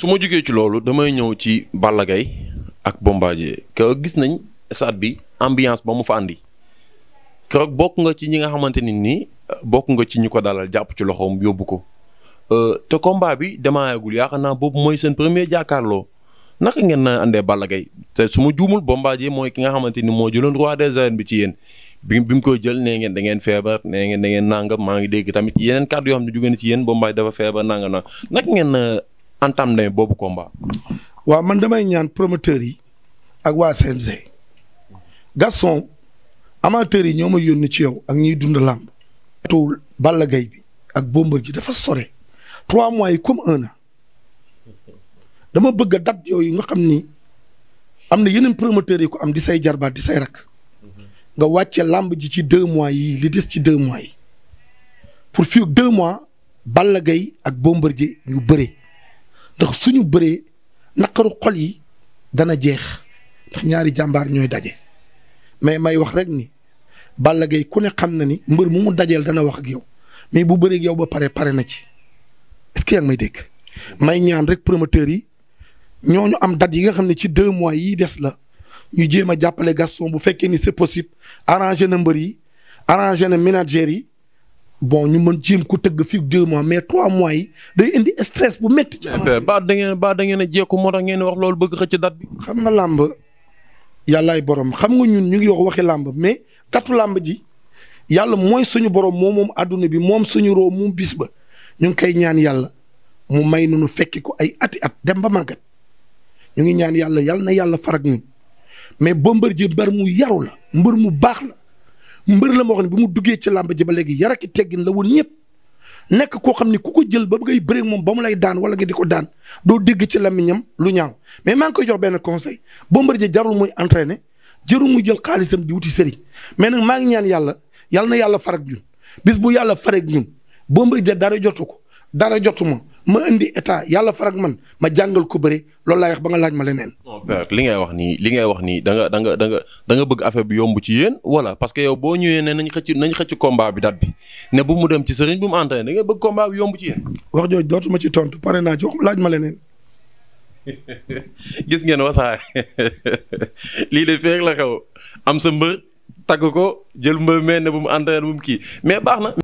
su ma jugee ci loolu damay ñëw ci Balla ak Bombardier keroog gis nañ stade bi ambiance ba mu fa andi keroog bokk nga ci ñi nga xamante ni nii bokk nga ci ñi ko dalal jàpp ci loxoom yóbbu ko euh, te combat bi demaayagul yaakaar naa boobu mooy seen premier jàkkaarloo naka ngeen na àndee Balla Gaye te su ma juumul Bombardier mooy ki nga xamante ni moo jëloon roi des arènes bi ci yéen bi mu koy jël nee ngeen da ngeen feebar nee ngeen da ngeen nangam maa ngi dégg tamit yeneen kàddu yoo xam ci yéen Bombardier dafa feebar nangam nangam naka ngeen entame nañu boobu combat. waaw man damay ñaan promoteur yi ak waa CNG Gaston amateurs yi ñoo ma yónni ci yow ak ñuy dund làmb tuul Balla Gaye bi ak Bombardier ji dafa sore trois mois yi comme un an dama bëgg a date yooyu nga xam ni am na yeneen promoteurs yi ko am di say jarbaat di say rak nga wàcce làmb ji ci deux mois yi li des ci deux mois yi pour fii deux mois Balla Gaye ak Bombardier ji ñu bëre ndax suñu bëree naqaru xol yi dana jeex ndax ñaari jàmbaar ñooy daje mais may wax rek ni Balla Gaye ku ne xam na ni mbër mu mu dajeel dana wax ak yow mais bu bëree ak yow ba pare pare na ci est-ce que yaa ngi may dégg. may ñaan rek promoteur yi ñoo ñu am date yi nga xam ne ci deux mois yi des la ñu jéem a jàppale Gaston bu fekkee ni c'est possible arrangé na mbër yi arrangé na ménagères yi. bon ñu mën jéem ku tëgg fii deux mois mais trois mois yi day indi stress bu métti. ci amaat ba da ba da ngeen a jékku moo tax ngeen wax loolu bëgg xëcc date bi. xam nga làmb yàllaay borom xam nga ñun ñu ngi wax waxi làmb mais tatu làmb ji yàlla mooy suñu borom moom moom adduna bi moom suñu roo moom bis ba ñu ngi koy ñaan yàlla mu may nu nu fekki ko ay ati at dem ba màggat ñu ngi ñaan yàlla yàlla na yàlla farag ñun mais Bombardier mbër mu yaru la mbër mu baax la. mbër la moo xam ne bu mu duggee ci làmb ji ba léegi yar ak teggin la woon ñëpp nekk koo xam ni ku ko jël ba ngay bëre moom ba mu lay daan wala nga di ko daan doo dégg ci làmmiñam lu ñaaw mais maa ngi koy jox benn conseil Bombardier jarul muy entraîner jarul muy jël xaalisam di wuti sëriñ mais nag maa ngi ñaan yàlla yàlla na yàlla farak ñun bis bu yàlla farag ñun Bombardier dara jotu ko dara jotuma ma indi état yàlla farag man ma jàngal ko bëre loolu laay wax ba nga laaj ma leneen. non li ngay wax nii li ngay wax nii da nga da nga da nga da nga bëgg affaire bi yomb ci yéen wala parce que yow boo ñëwee ne nañ xëcc nañ xëcc combat bi dat bi ne bu mu dem ci sëriñ bu mu entraîné da nga bëgg combat bi yomb ci yéen. wax jooju dootuma ci tontu pare naa ci laaj ma leneen. gis ngeen wasaare lii de feeg la xew am sa mbër tagg ko jël mbër mee ne bu mu entraîné bu mu kii mais baax na